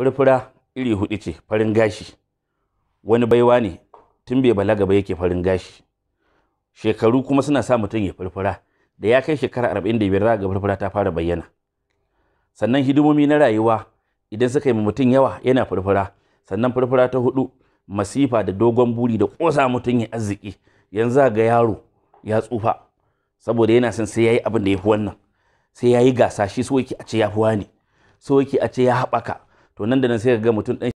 furfura iri hudu ce farin gashi wani baiwa ne tun bai balaga ba yake farin gashi shekaru kuma suna sa mutum ya furfura da ya kai shekara arba'in da biyar za ga furfura ta fara bayyana sannan hidimomi na rayuwa idan suka yi mutum yawa yana furfura sannan furfura ta hudu masifa da dogon buri da ƙosa mutum ya arziki yanzu ga yaro ya tsufa saboda yana son sai ya yi abin da ya fi wannan sai ya yi gasa shi so yake a ce ya fi wani so yake a ce ya haɓaka to nan da nan sai ka ga mutum ɗan